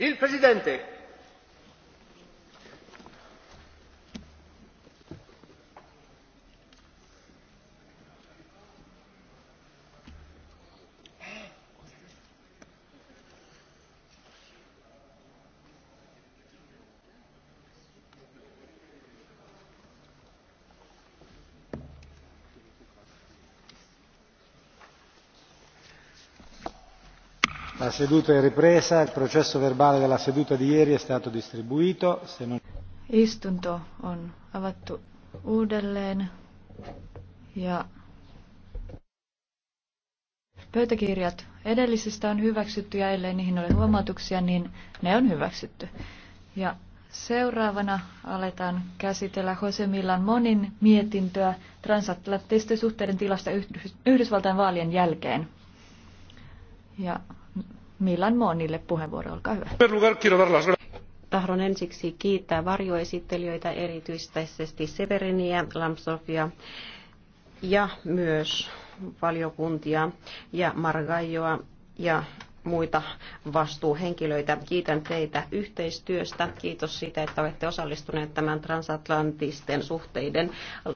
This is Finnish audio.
Il Presidente La seduta è ripresa, il processo verbale della seduta di ieri è stato distribuito. Se non... Istunto on avattu uudelleen ja pöytäkirjat edellisistä on hyväksytty ja ellei niihin ole huomautuksia, niin ne on hyväksytty. Ja seuraavana aletaan käsitellä Jose Millan Monin mietintöä transatlanttisten suhteiden tilasta Yhdysvaltain vaalien jälkeen. Ja Milan Moonille puheenvuoro, olkaa hyvä. Tahdon ensiksi kiittää varjoesittelijöitä, erityisesti Severiniä, Lamsofia ja myös valiokuntia ja Margajoa ja muita vastuuhenkilöitä. Kiitän teitä yhteistyöstä. Kiitos siitä, että olette osallistuneet tämän transatlanttisten suhteiden